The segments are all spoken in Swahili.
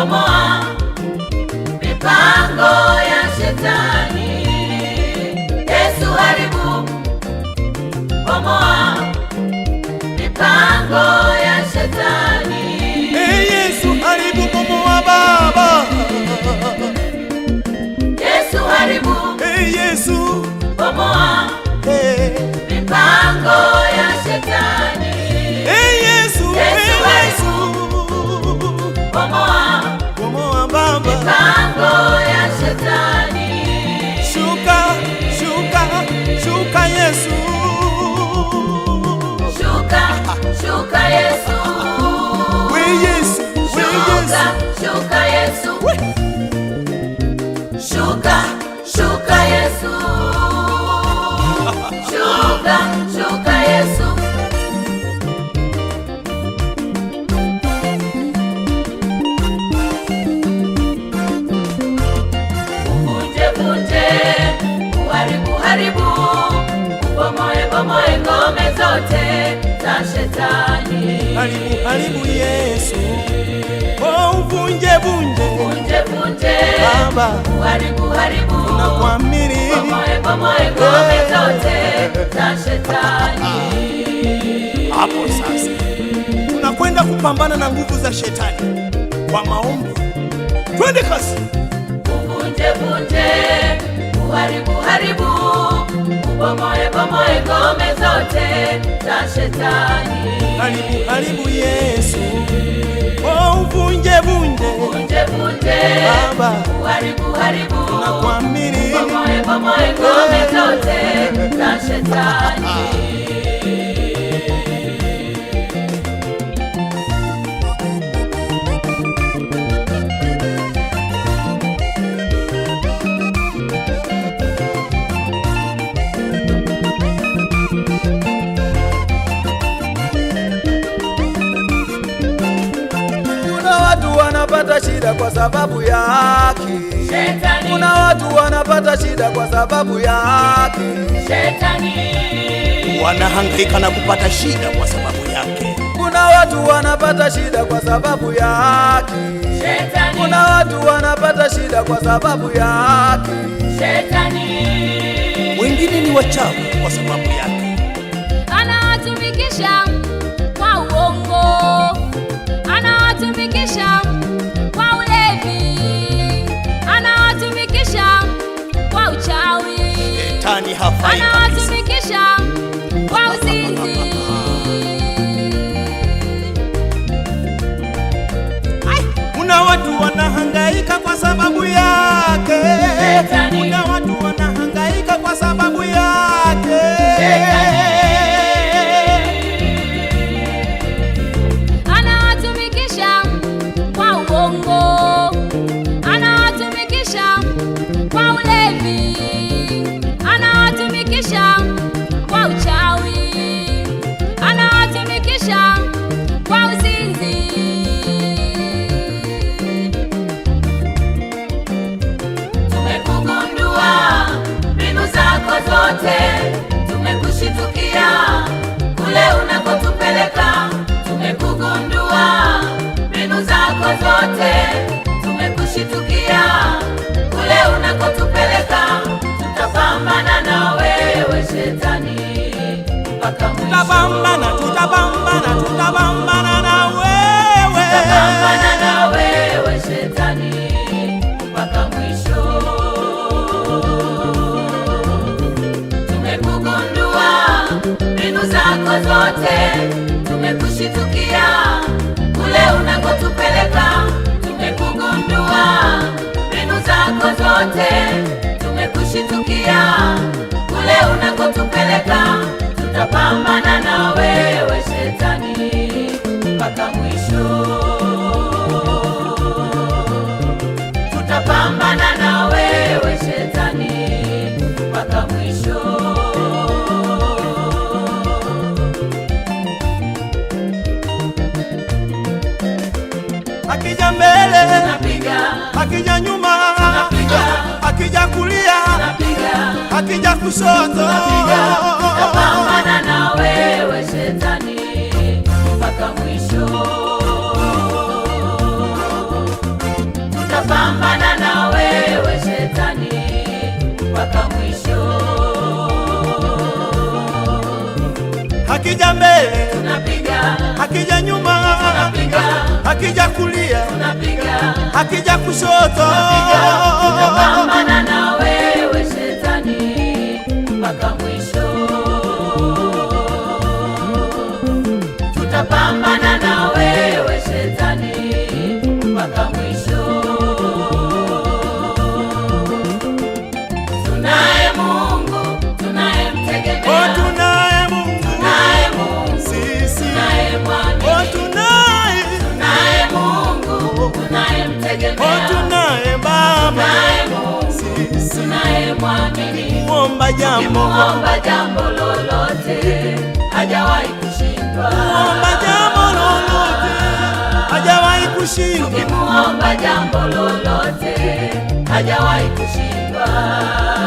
come on. Tunamchoka Yesu, uvunje vunje, uharibu haribu, ubomoe bomoe ngome zote za Shetani. Haribu haribu Yesu, oh, uvunje vunje yote Baba, kuharibu haribu, tunakuamini bomoe bomoe ngome zote za shetani. Hapo sasa tunakwenda kupambana na nguvu za shetani kwa maombi, twende kasi, uvunje vunje, kuharibu haribu, ubomoe bomoe ngome zote za shetani. Haribu haribu Yesu bunje vunje, Baba uharibu haribu, nakuamini bomoe bomoe ngome eh. zote za shetani. Ah. shida kwa sababu ya haki. Shetani. Kuna watu wanapata shida kwa sababu ya haki. Shetani. Wanahangaika na kupata shida kwa sababu yake. Kuna watu wanapata shida kwa sababu ya haki. Shetani. Kuna watu wanapata shida kwa sababu ya haki. Shetani. Wengine ni wachawi kwa sababu yake. Anawatumikisha wote tumekushitukia, kule unakotupeleka tutapambana na wewe shetani mpaka mwisho. Tutapambana, tutapambana, tutapambana na wewe, tutapambana na wewe shetani mpaka mwisho. Tumekugundua mbinu zako zote, tumekushitukia kule unakotupeleka zako zote tumekushitukia, kule unakotupeleka tutapambana na wewe shetani mpaka mwisho, tutapambana na wewe shetani mpaka mwisho. Akija mbele, akija nyuma akija kushoto napambana na wewe shetani mpaka mwisho, napambana na wewe shetani mpaka mwisho, hakija mbele tunapiga, hakija nyuma tunapiga, hakija kulia tunapiga, akija kushoto tunapambana na wewe Adam Nimemuomba jambo, nimemuomba jambo lolote hajawahi kushindwa, jambo lolote hajawahi kushindwa, nimemuomba jambo lolote hajawahi kushindwa.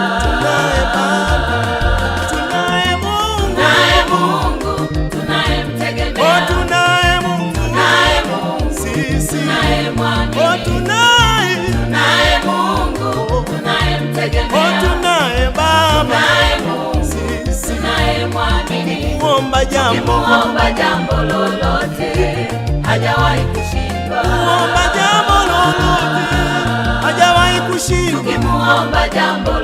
kuomba jambo, kuomba jambo lolote hajawahi kushindwa, kuomba jambo lolote hajawahi kushindwa, kuomba jambo